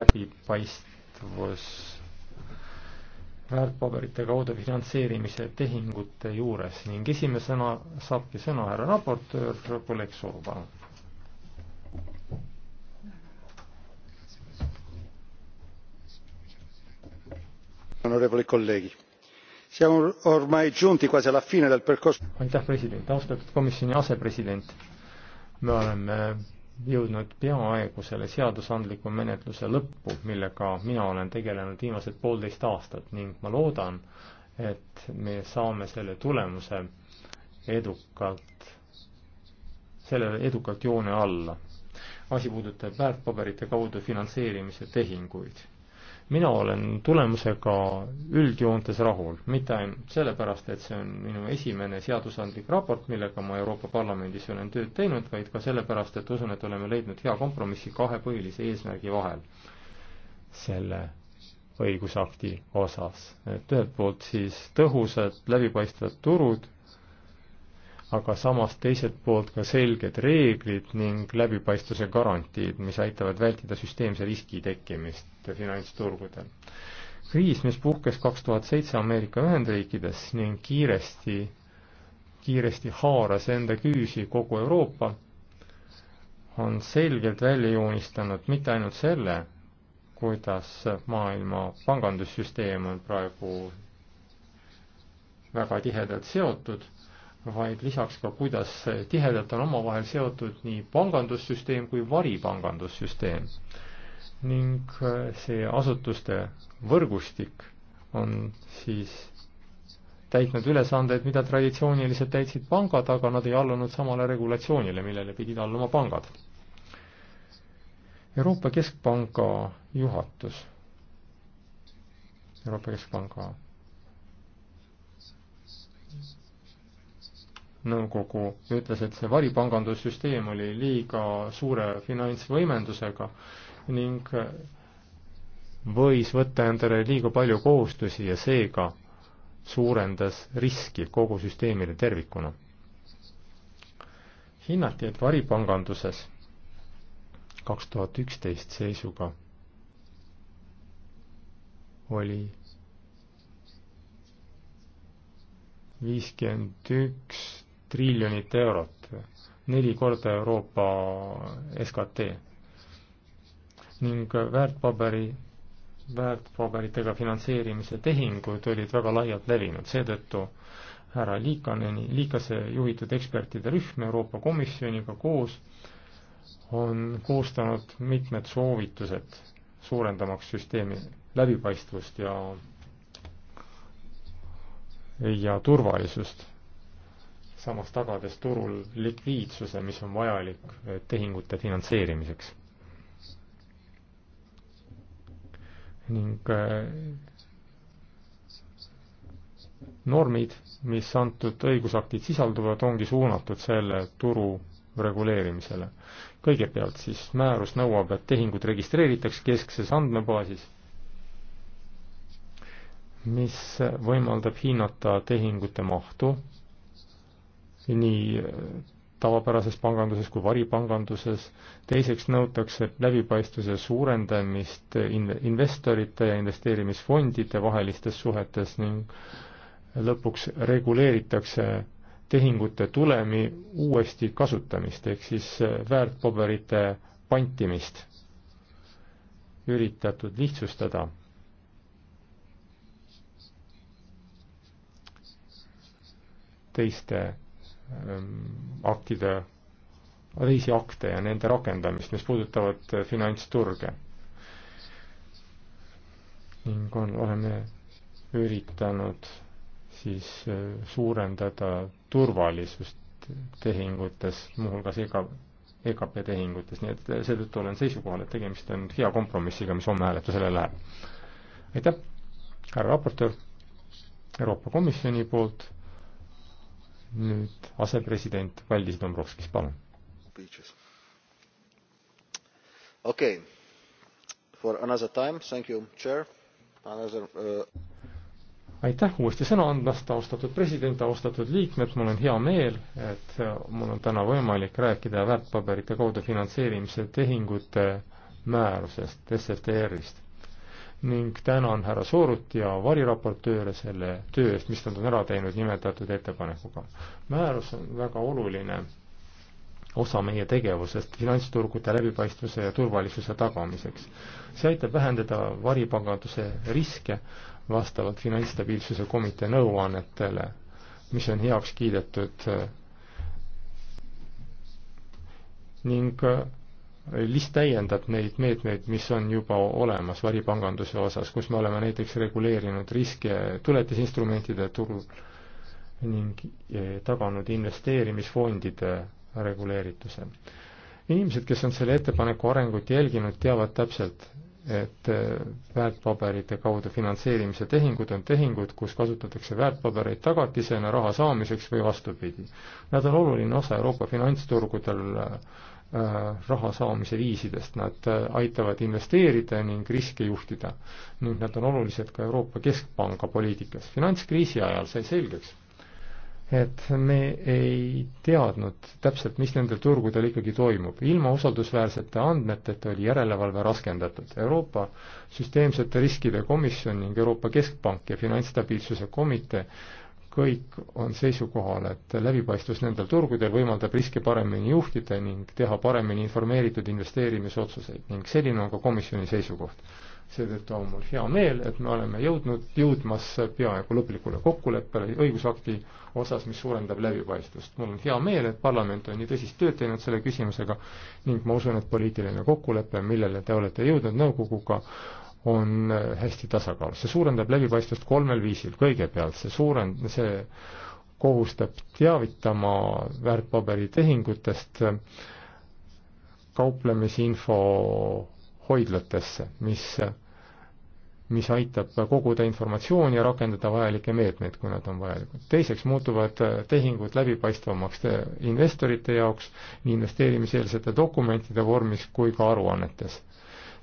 läbipaistvus väärtpaberite kaudu finantseerimise tehingute juures ning esimesena saabki sõna härra raportöör kolleeg Soru, palun. onorevoli kolleegi, siamo ormai giunti quasi alla fine del percorso. aitäh, president, austatud komisjoni asepresident. me oleme jõudnud peaaegu selle seadusandliku menetluse lõppu, millega mina olen tegelenud viimased poolteist aastat ning ma loodan, et me saame selle tulemuse edukalt, sellele edukalt joone alla. asi puudutab väärtpaberite kaudu finantseerimise tehinguid mina olen tulemusega üldjoontes rahul, mitte ainult sellepärast, et see on minu esimene seadusandlik raport, millega ma Euroopa Parlamendis olen tööd teinud, vaid ka sellepärast, et usun, et oleme leidnud hea kompromissi kahe põhilise eesmärgi vahel selle õigusakti osas. et ühelt poolt siis tõhusad läbipaistvad turud aga samas teiselt poolt ka selged reeglid ning läbipaistvuse garantiid, mis aitavad vältida süsteemse riski tekkimist finantsturgudel. kriis, mis puhkes kaks tuhat seitse Ameerika Ühendriikides ning kiiresti, kiiresti haaras enda küüsi kogu Euroopa, on selgelt välja joonistanud mitte ainult selle, kuidas maailma pangandussüsteem on praegu väga tihedalt seotud vaid lisaks ka, kuidas tihedalt on omavahel seotud nii pangandussüsteem kui varipangandussüsteem. ning äh, see asutuste võrgustik on siis täitnud ülesandeid, mida traditsiooniliselt täitsid pangad, aga nad ei allunud samale regulatsioonile, millele pidid alluma pangad. Euroopa Keskpanga juhatus, Euroopa Keskpanga nõukogu ütles, et see varipangandussüsteem oli liiga suure finantsvõimendusega ning võis võtta endale liiga palju kohustusi ja seega suurendas riski kogu süsteemile tervikuna. hinnati, et varipanganduses kaks tuhat üksteist seisuga oli viiskümmend üks triljonit eurot, neli korda Euroopa SKT. ning väärtpaberi, väärtpaberitega finantseerimise tehingud olid väga laialt levinud, seetõttu härra Liikaneni, Liikase juhitud ekspertide rühm Euroopa Komisjoniga koos on koostanud mitmed soovitused, suurendamaks süsteemi läbipaistvust ja ja turvalisust samas tagades turul likviidsuse, mis on vajalik eh, tehingute finantseerimiseks. ning eh, normid, mis antud õigusaktid sisalduvad, ongi suunatud selle turu reguleerimisele. kõigepealt siis määrus nõuab, et tehingud registreeritaks keskses andmebaasis, mis võimaldab hinnata tehingute mahtu nii äh, tavapärases panganduses kui varipanganduses. teiseks nõutakse läbipaistvuse suurendamist in-, investorite ja investeerimisfondide vahelistes suhetes ning lõpuks reguleeritakse tehingute tulemi uuesti kasutamist ehk siis äh, väärtpaberite pantimist üritatud lihtsustada. teiste Ähm, aktide, reisiakte ja nende rakendamist, mis puudutavad äh, finantsturge. ning on, oleme üritanud siis äh, suurendada turvalisust tehingutes, muuhulgas ega, EKP tehingutes, nii et seetõttu olen seisukohal, et tegemist on hea kompromissiga, mis homme hääletusele läheb. aitäh, härra raportöör Euroopa Komisjoni poolt nüüd asepresident Valdis Dombrovskis, palun. okei okay., for another time, thank you, chair, another uh... aitäh uuesti sõna andmast, austatud president, austatud liikmed, mul on hea meel, et mul on täna võimalik rääkida väärtpaberite kaudu finantseerimise tehingute määrusest, SFTR-ist ning tänan härra Soorut ja variraportööre selle töö eest, mis nad on ära teinud nimetatud ettepanekuga. määrus on väga oluline osa meie tegevusest finantsturgude läbipaistvuse ja turvalisuse tagamiseks. see aitab vähendada varipanganduse riske vastavalt Finantsstabiilsuse Komitee nõuannetele, mis on heaks kiidetud ning list täiendab neid meetmeid, mis on juba olemas varipanganduse osas, kus me oleme näiteks reguleerinud riske tuletisinstrumentide turul ning eh, taganud investeerimisfondide reguleerituse. inimesed, kes on selle ettepaneku arengut jälginud, teavad täpselt, et eh, väärtpaberite kaudu finantseerimise tehingud on tehingud, kus kasutatakse väärtpabereid tagatisena raha saamiseks või vastupidi. Nad on oluline osa Euroopa finantsturgudel äh, Äh, raha saamise viisidest, nad äh, aitavad investeerida ning riske juhtida. ning nad on olulised ka Euroopa Keskpanga poliitikas. finantskriisi ajal sai selgeks, et me ei teadnud täpselt, mis nendel turgudel ikkagi toimub. ilma usaldusväärsete andmeteta oli järelevalve raskendatud. Euroopa Süsteemsete Riskide Komisjon ning Euroopa Keskpank ja Finantsstabiilsuse Komitee kõik on seisukohal, et läbipaistvus nendel turgudel võimaldab riske paremini juhtida ning teha paremini informeeritud investeerimisotsuseid ning selline on ka komisjoni seisukoht. seetõttu on mul hea meel, et me oleme jõudnud, jõudmas peaaegu lõplikule kokkuleppele õigusakti osas, mis suurendab läbipaistvust. mul on hea meel, et parlament on nii tõsist tööd teinud selle küsimusega ning ma usun, et poliitiline kokkulepe, millele te olete jõudnud nõukoguga, on äh, hästi tasakaalus. see suurendab läbipaistvust kolmel viisil. kõigepealt see suurend-, see kohustab teavitama väärtpaberitehingutest äh, kauplemisinfo hoidlatesse, mis, äh, mis aitab koguda informatsiooni ja rakendada vajalikke meetmeid, kui nad on vajalikud. teiseks muutuvad tehingud läbipaistvamaks investorite jaoks nii investeerimiseelsete dokumentide vormis kui ka aruannetes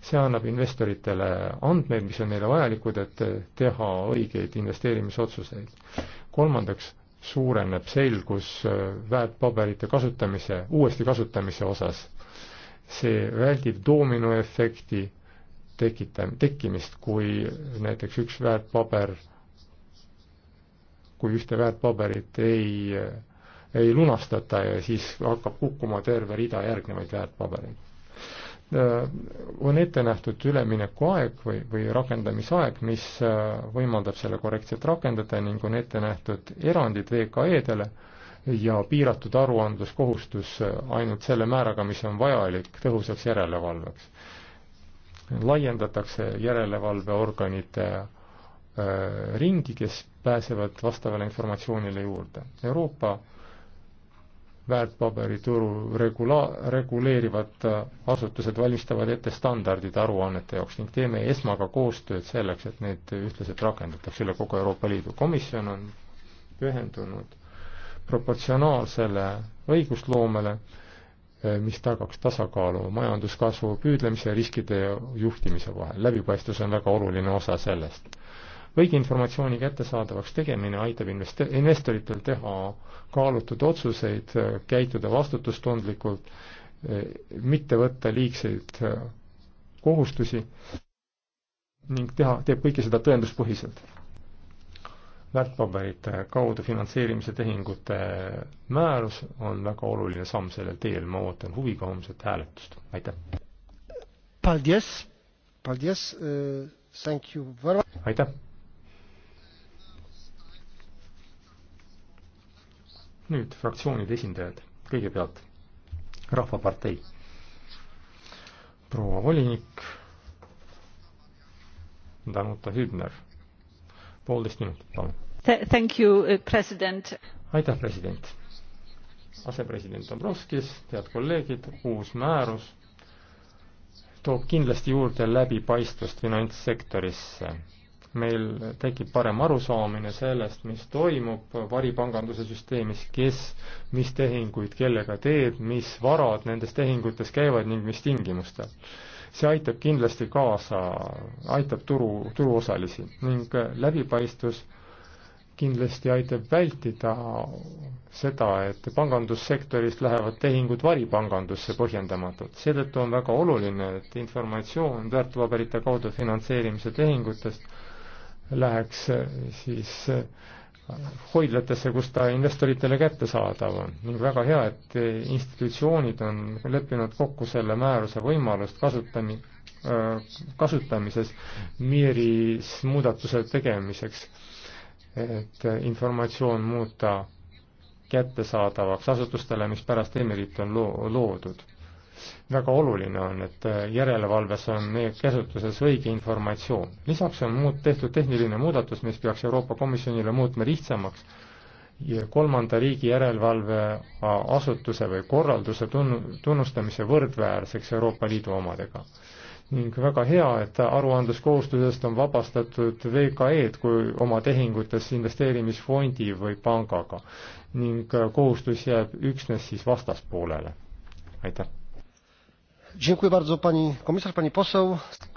see annab investoritele andmeid, mis on neile vajalikud, et teha õigeid investeerimisotsuseid. kolmandaks, suureneb selgus väärtpaberite kasutamise, uuesti kasutamise osas. see väldib dominoefekti tekita-, tekkimist, kui näiteks üks väärtpaber, kui ühte väärtpaberit ei, ei lunastata ja siis hakkab kukkuma terve rida järgnevaid väärtpabereid Äh, on ette nähtud üleminekuaeg või, või rakendamisaeg, mis äh, võimaldab selle korrektselt rakendada ning on ette nähtud erandid VKE-dele ja piiratud aruandluskohustus äh, ainult selle määraga, mis on vajalik tõhusaks järelevalveks. laiendatakse järelevalveorganite ringi, kes pääsevad vastavale informatsioonile juurde. Euroopa äh, väärtpaberituru regula-, reguleerivad äh, asutused valmistavad ette standardid aruannete jaoks ning teeme ESMAga koostööd selleks, et need ühtlaselt rakendatakse üle kogu Euroopa Liidu. komisjon on pühendunud proportsionaalsele õigusloomele, äh, mis tagaks tasakaalu majanduskasvu püüdlemise, riskide ja juhtimise vahel. läbipaistvus on väga oluline osa sellest õige informatsiooni kättesaadavaks tegemine aitab invest-, investoritel teha kaalutud otsuseid, käituda vastutustundlikult, mitte võtta liigseid äh, kohustusi ning teha, teeb kõike seda tõenduspõhiselt. väärtpaberite kaudu finantseerimise tehingute määrus on väga oluline samm sellel teel, ma ootan huviga homset hääletust, aitäh! Äh, aitäh! nüüd fraktsioonide esindajad, kõigepealt Rahvapartei. proua volinik Danuta Hübner, poolteist minutit, palun. Thank you, eh, president. aitäh, president. asepresident Dombrovskis, head kolleegid, uus määrus toob kindlasti juurde läbipaistvust finantssektorisse meil tekib parem arusaamine sellest, mis toimub varipanganduse süsteemis, kes mis tehinguid kellega teeb, mis varad nendes tehingutes käivad ning mis tingimustel. see aitab kindlasti kaasa, aitab turu, turuosalisi ning läbipaistvus kindlasti aitab vältida seda, et pangandussektorist lähevad tehingud varipangandusse põhjendamatult. seetõttu on väga oluline, et informatsioon väärtpaberite kaudu finantseerimise tehingutest läheks eh, siis eh, hoidlatesse, kus ta investoritele kättesaadav on. ning väga hea, et eh, institutsioonid on leppinud kokku selle määruse võimalust kasutami-, kasutamises Miiris muudatuse tegemiseks, et informatsioon muuta kättesaadavaks asutustele, mis pärast Emirit on loo-, loodud väga oluline on, et äh, järelevalves on meie käsutuses õige informatsioon. lisaks on muud, tehtud tehniline muudatus, mis peaks Euroopa Komisjonile muutma lihtsamaks ja kolmanda riigi järelevalveasutuse äh, või korralduse tunnu-, tunnustamise võrdväärseks Euroopa Liidu omadega ning väga hea, et aruandluskohustusest on vabastatud VKE-d kui oma tehingutes investeerimisfondi või pangaga ning äh, kohustus jääb üksnes siis vastaspoolele. aitäh!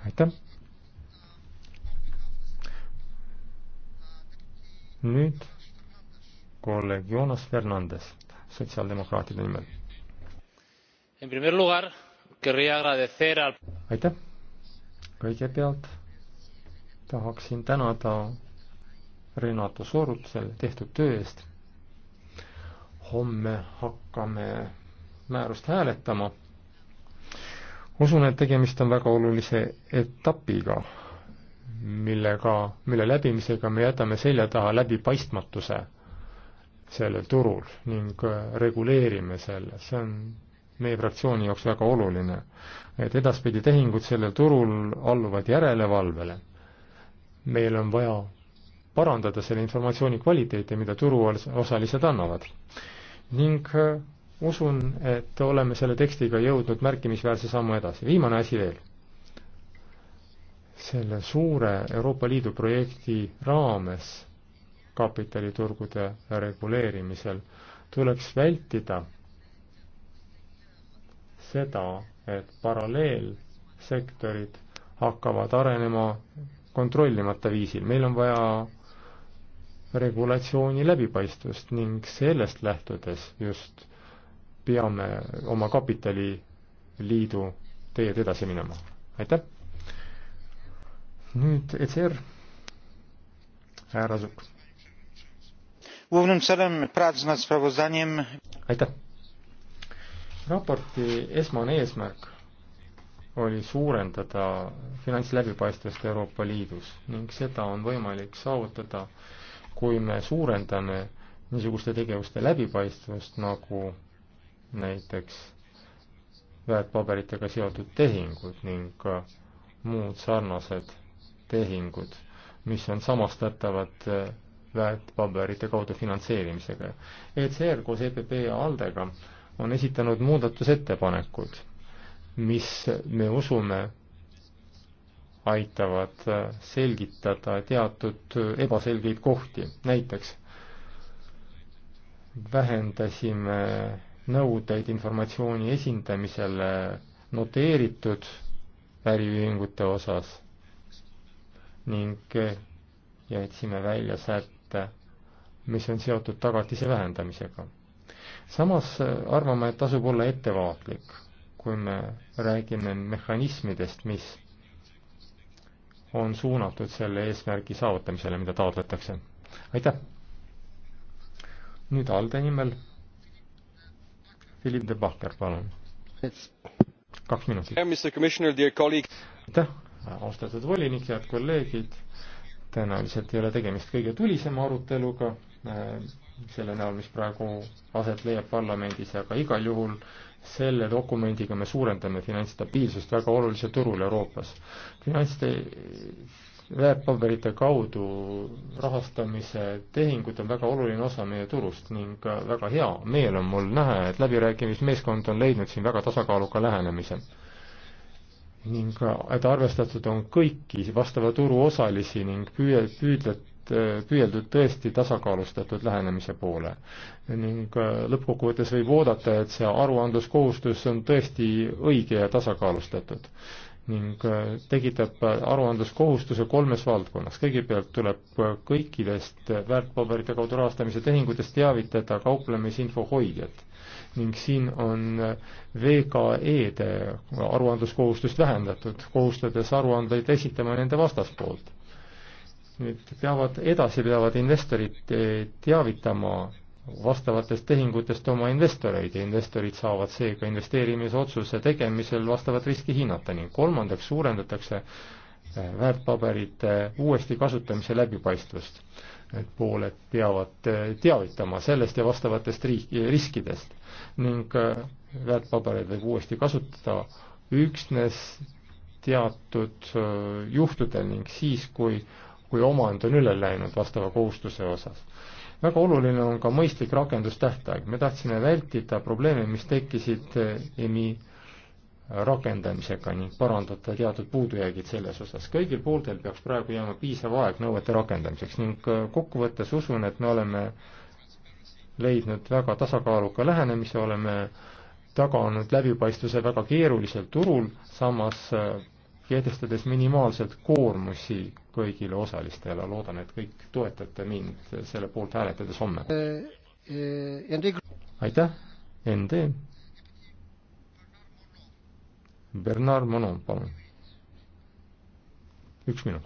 aitäh. nüüd kolleeg Jonas Fernandes sotsiaaldemokraatide nimel. aitäh. kõigepealt tahaksin tänada Renato Sorut selle tehtud töö eest. homme hakkame määrust hääletama usun, et tegemist on väga olulise etapiga, millega, mille läbimisega me jätame selja taha läbipaistmatuse sellel turul ning äh, reguleerime selle, see on meie fraktsiooni jaoks väga oluline, et edaspidi tehingud sellel turul alluvad järelevalvele. meil on vaja parandada selle informatsiooni kvaliteeti, mida turuosalised annavad. ning äh, usun, et oleme selle tekstiga jõudnud märkimisväärse sammu edasi. viimane asi veel. selle suure Euroopa Liidu projekti raames kapitaliturgude reguleerimisel tuleks vältida seda, et paralleelsektorid hakkavad arenema kontrollimata viisil. meil on vaja regulatsiooni läbipaistvust ning sellest lähtudes just peame oma kapitaliliidu teed edasi minema. aitäh! nüüd ECR, härra Sukk. aitäh! raporti esmane eesmärk oli suurendada finantsläbipaistvust Euroopa Liidus ning seda on võimalik saavutada, kui me suurendame niisuguste tegevuste läbipaistvust nagu näiteks väärtpaberitega seotud tehingud ning muud sarnased tehingud, mis on samastatavad äh, väärtpaberite kaudu finantseerimisega. ECR koos EPP ja ALDE-ga on esitanud muudatusettepanekud, mis me usume aitavad äh, selgitada teatud äh, ebaselgeid kohti. näiteks vähendasime nõudeid informatsiooni esindamisele noteeritud äriühingute osas ning jätsime välja sätte, mis on seotud tagatise vähendamisega. samas arvame, et tasub olla ettevaatlik, kui me räägime mehhanismidest, mis on suunatud selle eesmärgi saavutamisele, mida taotletakse. aitäh! nüüd ALDE nimel Philip de Backer, palun. kaks minutit. aitäh, austatud volinik, head kolleegid. tõenäoliselt ei ole tegemist kõige tulisema aruteluga äh, selle näol, mis praegu aset leiab parlamendis, aga igal juhul selle dokumendiga me suurendame finantsstabiilsust väga olulisel turul Euroopas. finants, väärtpaberite kaudu rahastamise tehingud on väga oluline osa meie turust ning väga hea meel on mul näha, et läbirääkimismeeskond on leidnud siin väga tasakaaluka lähenemise. ning et arvestatud on kõiki vastava turu osalisi ning püüe-, püüdlet-, püüeldud tõesti tasakaalustatud lähenemise poole. ning lõppkokkuvõttes võib oodata, et see aruandluskohustus on tõesti õige ja tasakaalustatud ning äh, tekitab äh, aruandluskohustuse kolmes valdkonnas. kõigepealt tuleb äh, kõikidest väärtpaberite kaudu rahastamise tehingutest teavitada kauplemisinfo hoidjat ning siin on VKE-de aruandluskohustust vähendatud, kohustades aruandeid esitama nende vastaspoolt. nüüd peavad, edasi peavad investorid teavitama vastavatest tehingutest oma investoreid ja investorid saavad seega investeerimisotsuse tegemisel vastavat riski hinnata ning kolmandaks suurendatakse eh, väärtpaberite uuesti kasutamise läbipaistvust. et pooled peavad eh, teavitama sellest ja vastavatest riik-, riskidest ning eh, väärtpabereid võib uuesti kasutada üksnes teatud juhtudel ning siis, kui, kui omand on üle läinud vastava kohustuse osas väga oluline on ka mõistlik rakendustähtaeg, me tahtsime vältida probleeme, mis tekkisid eh, EMI rakendamisega ning parandada teatud puudujäägid selles osas. kõigil pooltel peaks praegu jääma piisav aeg nõuete rakendamiseks ning eh, kokkuvõttes usun, et me oleme leidnud väga tasakaaluka lähenemise, oleme taganud läbipaistvuse väga keerulisel turul, samas eh, kehtestades minimaalselt koormusi kõigile osalistele. loodan, et kõik toetate mind selle poolt hääletades homme. aitäh, ND. Bernard Monon, palun. üks minut.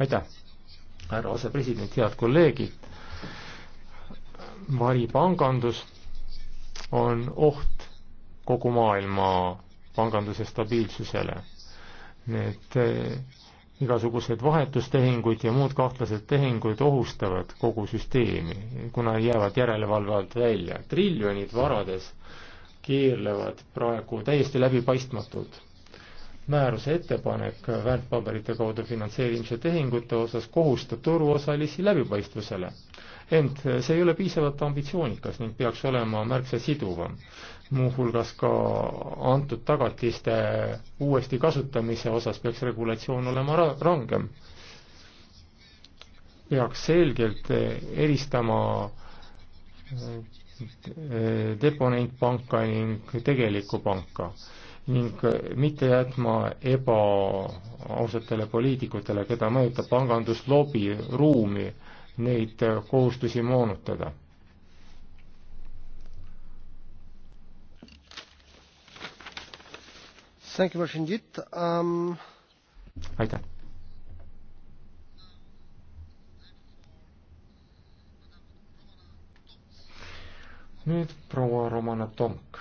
aitäh, härra asepresident, head kolleegid. varipangandus on oht kogu maailma panganduse stabiilsusele need eh, igasugused vahetustehingud ja muud kahtlased tehingud ohustavad kogu süsteemi, kuna jäävad järelevalve alt välja. triljonid varades keerlevad praegu täiesti läbipaistmatult. määruse ettepanek väärtpaberite kaudu finantseerimise tehingute osas kohustab turuosalisi läbipaistvusele. ent see ei ole piisavalt ambitsioonikas ning peaks olema märksa siduvam muuhulgas ka antud tagatiste uuesti kasutamise osas peaks regulatsioon olema ra rangem. peaks selgelt eristama eh, deponentpanka ning tegelikku panka ning mitte jätma ebaausatele poliitikutele, keda mõjutab panganduslobi, ruumi neid kohustusi moonutada Um... aitäh. nüüd proua Romana Tomk,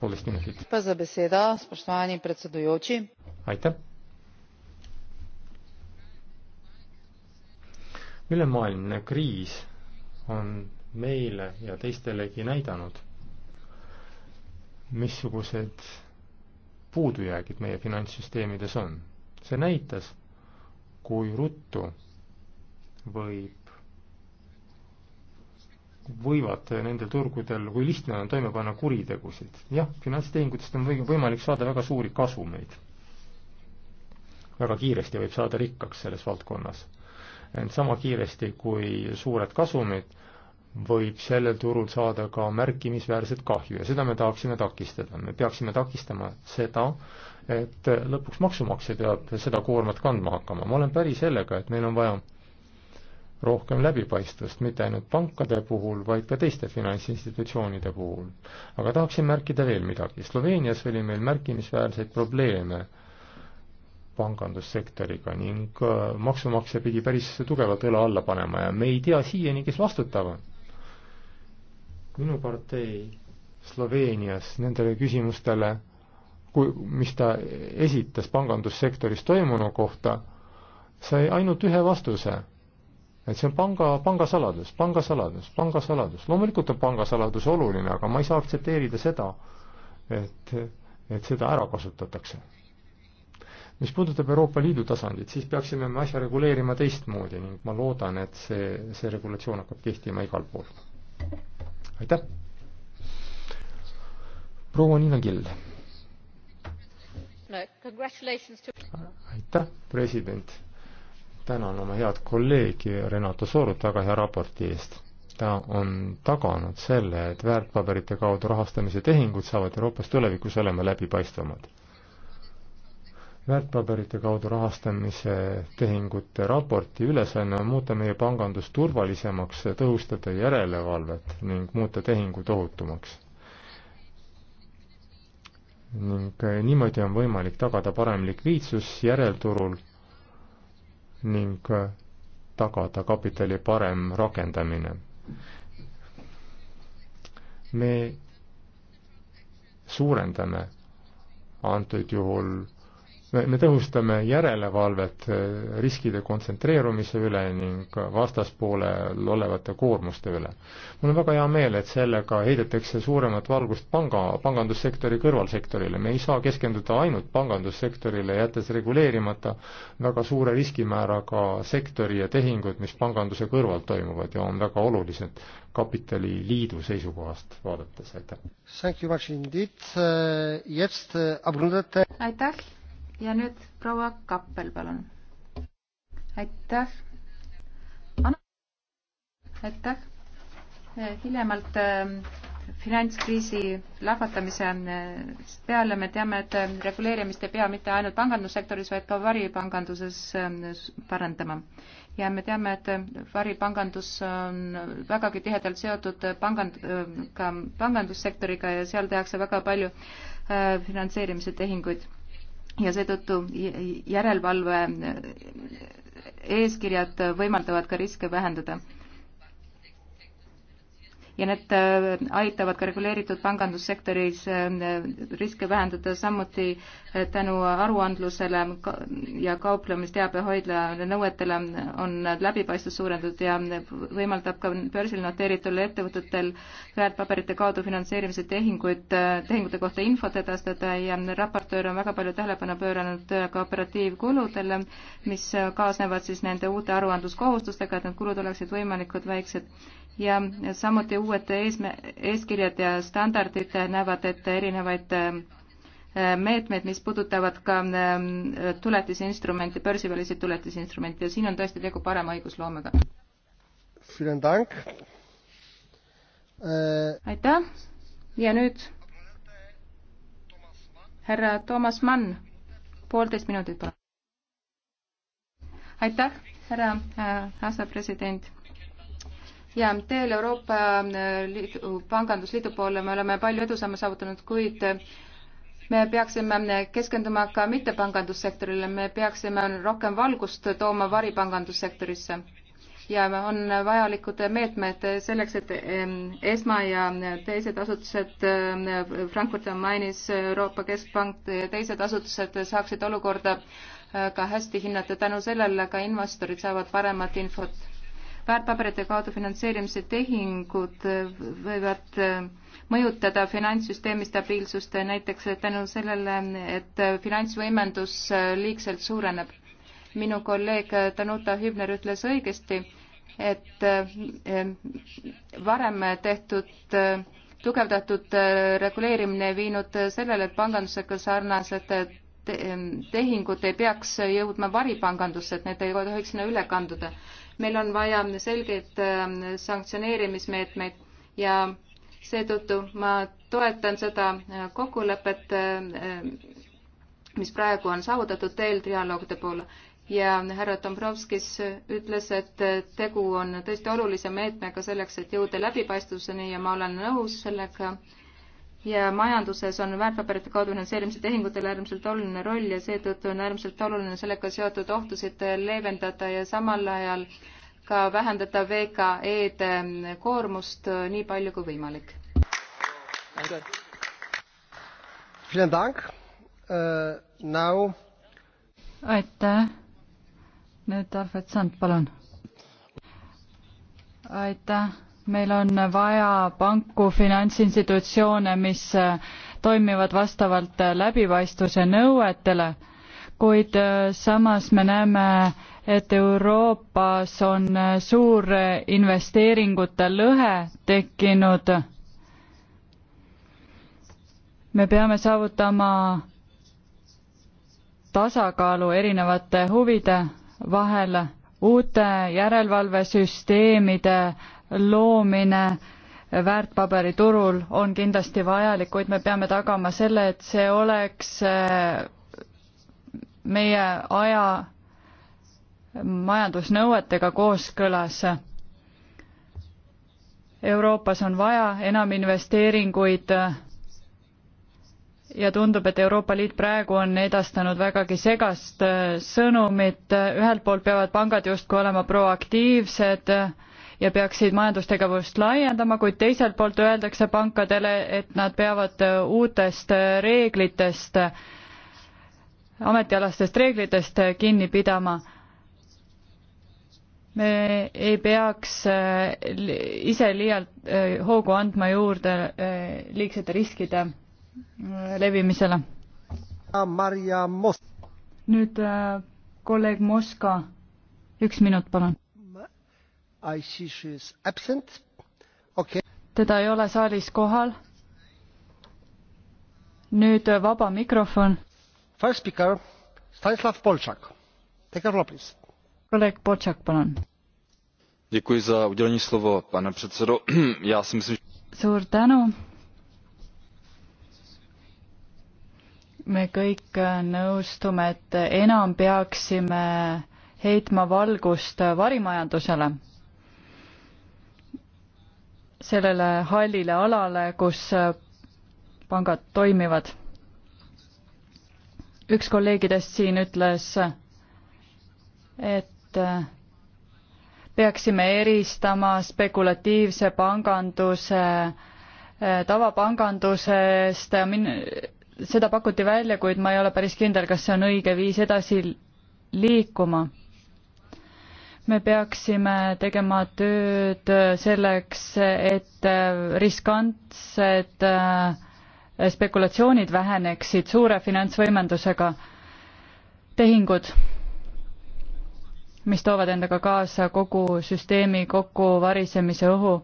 poolteist minutit. aitäh. ülemaailmne kriis on meile ja teistelegi näidanud, missugused puudujäägid meie finantssüsteemides on. see näitas, kui ruttu võib, võivad nendel turgudel, kui lihtne on toime panna kuritegusid. jah, finantstehingutest on võimalik saada väga suuri kasumeid. väga kiiresti võib saada rikkaks selles valdkonnas. ent sama kiiresti, kui suured kasumid võib sellel turul saada ka märkimisväärset kahju ja seda me tahaksime takistada. me peaksime takistama seda, et lõpuks maksumaksja peab seda koormat kandma hakkama. ma olen päri sellega, et meil on vaja rohkem läbipaistvust, mitte ainult pankade puhul, vaid ka teiste finantsinstitutsioonide puhul. aga tahaksin märkida veel midagi. Sloveenias oli meil märkimisväärseid probleeme pangandussektoriga ning äh, maksumaksja pidi päris tugevalt õla alla panema ja me ei tea siiani, kes vastutav on minu partei Sloveenias nendele küsimustele, kui, mis ta esitas pangandussektoris toimunu kohta, sai ainult ühe vastuse. et see on panga, pangasaladus, pangasaladus, pangasaladus. loomulikult on pangasaladus oluline, aga ma ei saa aktsepteerida seda, et, et seda ära kasutatakse. mis puudutab Euroopa Liidu tasandit, siis peaksime me asja reguleerima teistmoodi ning ma loodan, et see, see regulatsioon hakkab kehtima igal pool aitäh. proua Niina Kill. aitäh, president. tänan oma head kolleegi Renato Soorut väga hea raporti eest ta on taganud selle, et väärtpaberite kaudu rahastamise tehingud saavad Euroopas tulevikus olema läbipaistvamad väärtpaberite kaudu rahastamise tehingute raporti ülesanne on muuta meie pangandus turvalisemaks, tõhustada järelevalvet ning muuta tehingud ohutumaks. ning niimoodi on võimalik tagada parem likviidsus järelturul ning tagada kapitali parem rakendamine. me suurendame antud juhul me, me tõhustame järelevalvet äh, riskide kontsentreerumise üle ning vastaspoolel olevate koormuste üle. mul on väga hea meel, et sellega heidetakse suuremat valgust panga, pangandussektori kõrvalsektorile. me ei saa keskenduda ainult pangandussektorile, jättes reguleerimata väga suure riskimääraga sektori ja tehingud, mis panganduse kõrval toimuvad ja on väga olulised kapitaliliidu seisukohast vaadates, aitäh! Äh, äh, aitäh! ja nüüd proua Kappel, palun. aitäh. aitäh. Eh, hiljemalt eh, finantskriisi lahvatamise eh, peale me teame, et reguleerimist ei pea mitte ainult pangandussektoris, vaid ka varipanganduses parandama. ja me teame, et varipangandus on vägagi tihedalt seotud pangand-, ka pangandussektoriga ja seal tehakse väga palju finantseerimise tehinguid ja seetõttu järelevalve äh, eeskirjad võimaldavad ka riske vähendada ja need äh, aitavad ka reguleeritud pangandussektoris äh, riske vähendada, samuti äh, tänu aruandlusele ja kauplemisteabe hoidla nõuetele on läbipaistvus suurendatud ja võimaldab ka börsil noteeritud ettevõtetel väärtpaberite kaudu finantseerimise tehinguid, tehingute kohta infot edastada ja raportöör on väga palju tähelepanu pööranud ka operatiivkuludele, mis kaasnevad siis nende uute aruandluskohustustega, et need kulud oleksid võimalikult väiksed ja samuti uued eesme-, eeskirjad ja standardid näevad ette erinevaid äh, meetmeid, mis puudutavad ka äh, tuletisinstrumente, börsiväliseid tuletisinstrumente ja siin on tõesti tegu parema õigusloomega. Äh, aitäh ja nüüd härra Toomas Mann, poolteist minutit palun. aitäh, härra äh, asepresident ja teel Euroopa äh, Liidu, Pangandusliidu poole me oleme palju edusamme saavutanud, kuid äh, me peaksime äh, keskenduma ka mittepangandussektorile, me peaksime rohkem valgust tooma varipangandussektorisse ja on vajalikud meetmed selleks, et ähm, ESMA ja teised asutused, Frankfurt on mainis, Euroopa Keskpank, teised asutused saaksid olukorda ka hästi hinnata, tänu sellele ka investorid saavad paremat infot väärtpaberite kaudu finantseerimise tehingud võivad äh, mõjutada finantssüsteemi stabiilsust äh, näiteks tänu sellele, et äh, finantsvõimendus liigselt suureneb. minu kolleeg Danuta Hübner ütles õigesti, et varem tehtud tugevdatud reguleerimine viinud sellele, et pangandusega sarnased tehingud ei peaks jõudma varipangandusse, et need ei tohiks sinna üle kanduda meil on vaja selgeid ähm, sanktsioneerimismeetmeid ja seetõttu ma toetan seda äh, kokkulepet, äh, mis praegu on saavutatud teel trialoogide poole ja härra Dombrovskis ütles, et äh, tegu on tõesti olulise meetmega selleks, et jõuda läbipaistvuseni ja ma olen nõus sellega ja majanduses on väärtpaberite kaudu finantseerimise tehingutel äärmiselt oluline roll ja seetõttu on äärmiselt oluline sellega seotud ohtusid leevendada ja samal ajal ka vähendada VKE-de koormust nii palju kui võimalik. Äh, aitäh. nüüd Arvet Sand, palun. aitäh meil on vaja panku, finantsinstitutsioone, mis eh, toimivad vastavalt eh, läbipaistvuse nõuetele, kuid eh, samas me näeme, et Euroopas on suur investeeringute lõhe tekkinud. me peame saavutama tasakaalu erinevate huvide vahel uute järelevalvesüsteemide loomine väärtpaberiturul on kindlasti vajalik, kuid me peame tagama selle, et see oleks eh, meie aja majandusnõuetega kooskõlas. Euroopas on vaja enam investeeringuid ja tundub, et Euroopa Liit praegu on edastanud vägagi segast eh, sõnumit, ühelt poolt peavad pangad justkui olema proaktiivsed, ja peaksid majandustegevust laiendama, kuid teiselt poolt öeldakse pankadele, et nad peavad äh, uutest äh, reeglitest, ametialastest reeglitest äh, kinni pidama me ei peaks ise liialt hoogu andma juurde liigsete riskide levimisele. nüüd kolleeg Moska, üks minut, palun Okay. teda ei ole saalis kohal. nüüd vaba mikrofon. kolleeg Poltšak, palun. suur tänu. me kõik e, nõustume, et enam peaksime heitma valgust e, varimajandusele sellele hallile alale, kus äh, pangad toimivad. üks kolleegidest siin ütles, et äh, peaksime eristama spekulatiivse panganduse äh, tavapangandusest, seda pakuti välja, kuid ma ei ole päris kindel, kas see on õige viis edasi liikuma me peaksime tegema tööd selleks, et riskantsed äh, spekulatsioonid väheneksid suure finantsvõimendusega tehingud, mis toovad endaga kaasa kogu süsteemi kokkuvarisemise ohu.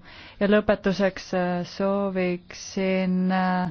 ja lõpetuseks äh, sooviksin äh,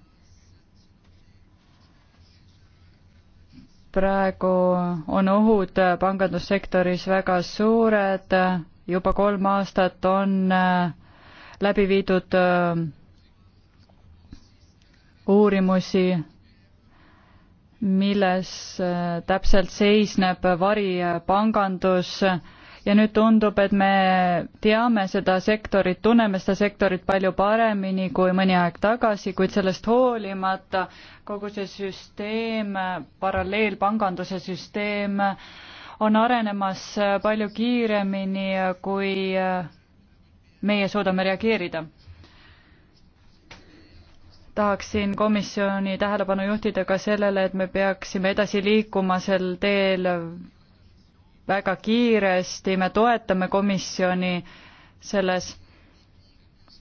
praegu on ohud pangandussektoris väga suured, juba kolm aastat on äh, läbi viidud äh, uurimusi, milles äh, täpselt seisneb varipangandus ja nüüd tundub, et me teame seda sektorit, tunneme seda sektorit palju paremini kui mõni aeg tagasi, kuid sellest hoolimata kogu see süsteem, paralleelpanganduse süsteem on arenemas palju kiiremini, kui meie suudame reageerida tahaksin komisjoni tähelepanu juhtida ka sellele, et me peaksime edasi liikuma sel teel väga kiiresti, me toetame komisjoni selles,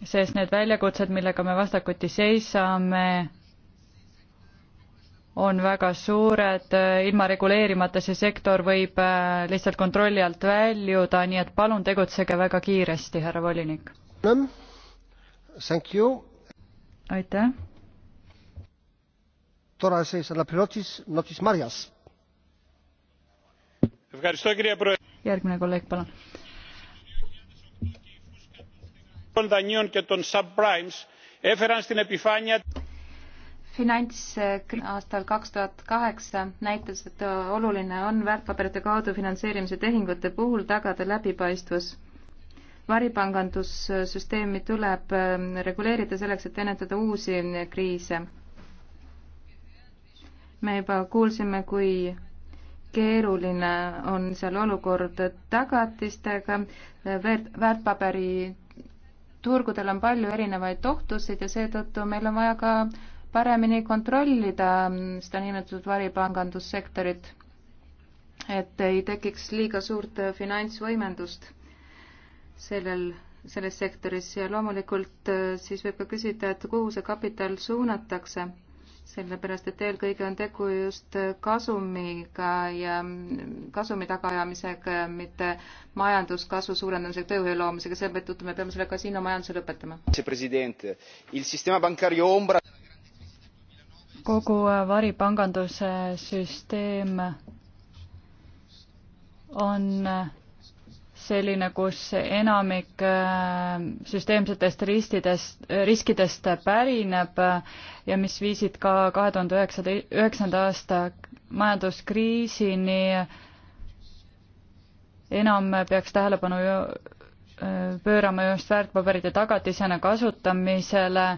sest need väljakutsed, millega me vastakuti seisame, on väga suured, ilma reguleerimata see sektor võib äh, lihtsalt kontrolli alt väljuda, nii et palun tegutsege väga kiiresti, härra volinik. aitäh. tore, see, sa oled pilotis, notis marjas järgmine kolleeg, palun. finantskriis äh, aastal kaks tuhat kaheksa näitas, et oluline on väärtpaberite kaudu finantseerimise tehingute puhul tagada läbipaistvus varipangandussüsteemi tuleb äh, reguleerida selleks, et ennetada uusi kriise. me juba kuulsime, kui keeruline on seal olukord tagatistega, väärt, väärtpaberi turgudel on palju erinevaid ohtusid ja seetõttu meil on vaja ka paremini kontrollida seda niinimetatud varipangandussektorit, et ei tekiks liiga suurt finantsvõimendust sellel, selles sektoris ja loomulikult äh, siis võib ka küsida, et kuhu see kapital suunatakse sellepärast et eelkõige on tegu just kasumiga ja kasumi tagaajamisega, mitte majanduskasvu suurendamisega, tööjõu loomisega, seetõttu me peame selle kasiinomajanduse lõpetama. kogu äh, varipanganduse süsteem on äh, selline, kus enamik äh, süsteemsetest riskidest, äh, riskidest pärineb ja mis viisid ka kahe tuhande üheksa, üheksanda aasta majanduskriisini. enam peaks tähelepanu äh, pöörama just väärtpaberite tagatisena kasutamisele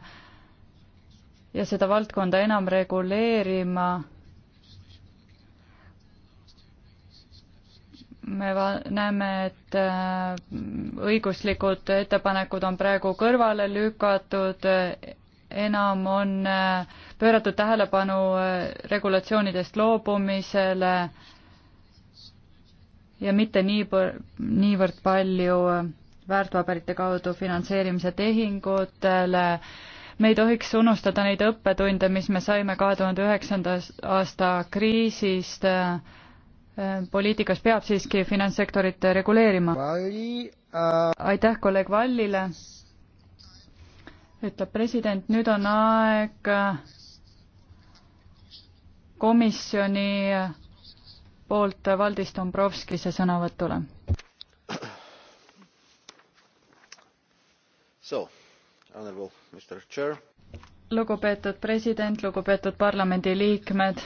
ja seda valdkonda enam reguleerima me va-, näeme, et äh, õiguslikud ettepanekud on praegu kõrvale lükatud, enam on äh, pööratud tähelepanu äh, regulatsioonidest loobumisele ja mitte nii, niivõrd palju väärtpaberite kaudu finantseerimise tehingutele. me ei tohiks unustada neid õppetunde, mis me saime kahe tuhande üheksanda aasta kriisist äh, Äh, poliitikas peab siiski finantssektorit reguleerima. aitäh kolleeg Vallile, ütleb president, nüüd on aeg komisjoni poolt Valdis Dombrovskise sõnavõtule. lugupeetud president, lugupeetud parlamendiliikmed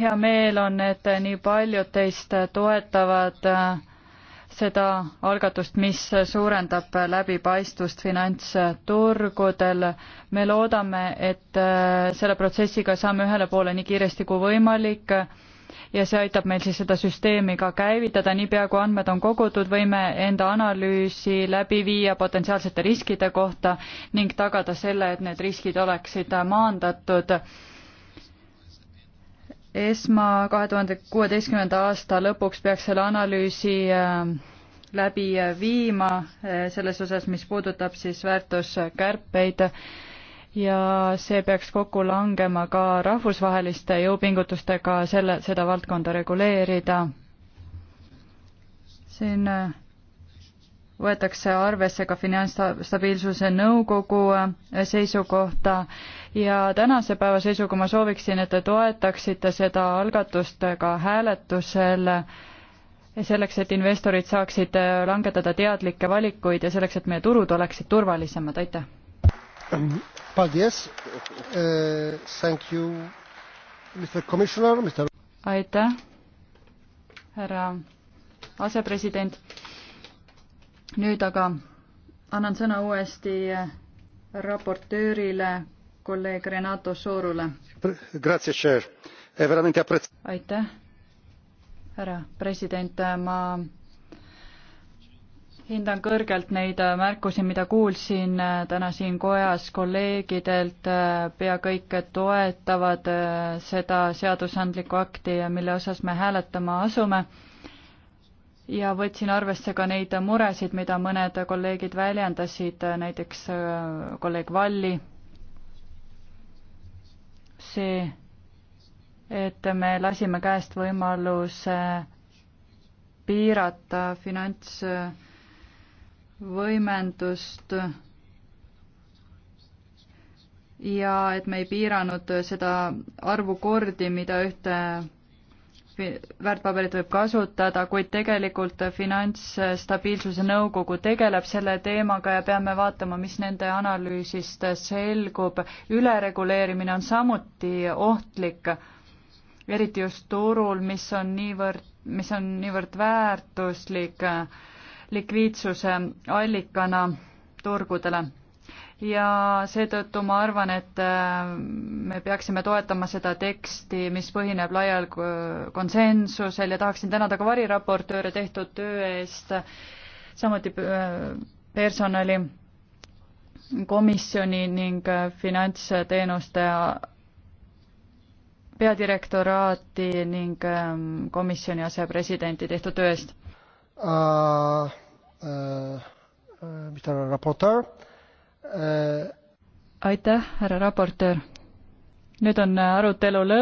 hea meel on, et nii paljud teist toetavad äh, seda algatust, mis suurendab läbipaistvust finantsturgudel. me loodame, et äh, selle protsessiga saame ühele poole nii kiiresti kui võimalik ja see aitab meil siis seda süsteemi ka käivitada, niipea kui andmed on kogutud, võime enda analüüsi läbi viia potentsiaalsete riskide kohta ning tagada selle, et need riskid oleksid maandatud esma kahe tuhande kuueteistkümnenda aasta lõpuks peaks selle analüüsi ähm, läbi äh, viima äh, selles osas, mis puudutab siis väärtuskärpeid ja see peaks kokku langema ka rahvusvaheliste jõupingutustega selle, seda valdkonda reguleerida. siin äh, võetakse arvesse ka Finantsstabiilsuse Nõukogu seisukohta ja tänase päeva seisuga ma sooviksin, et te toetaksite seda algatust ka hääletusel selleks, et investorid saaksid langetada teadlikke valikuid ja selleks, et meie turud oleksid turvalisemad, aitäh! Um, uh, aitäh, härra asepresident! nüüd aga annan sõna uuesti raportöörile, kolleeg Renato Soorule. aitäh, härra president, ma hindan kõrgelt neid märkusi, mida kuulsin täna siin kojas kolleegidelt, pea kõik toetavad seda seadusandlikku akti, mille osas me hääletama asume ja võtsin arvesse ka neid muresid, mida mõned kolleegid väljendasid, näiteks äh, kolleeg Valli. see, et me lasime käest võimaluse piirata finantsvõimendust ja et me ei piiranud seda arvu kordi, mida ühte väärtpaberit võib kasutada, kuid tegelikult Finantsstabiilsuse Nõukogu tegeleb selle teemaga ja peame vaatama, mis nende analüüsist selgub. ülereguleerimine on samuti ohtlik, eriti just turul, mis on niivõrd, mis on niivõrd väärtuslik likviidsuse allikana turgudele ja seetõttu ma arvan, et äh, me peaksime toetama seda teksti, mis põhineb laial konsensusel ja tahaksin tänada ka variraportööre tehtud töö eest, samuti äh, personali komisjoni ning äh, finantsteenuste peadirektoraati ning ähm, komisjoni asepresidenti tehtud töö eest uh,. Uh, uh, Mr. Rapporteur uh, Äh, aitäh, härra raportöör. nüüd on arutelu lõppenud.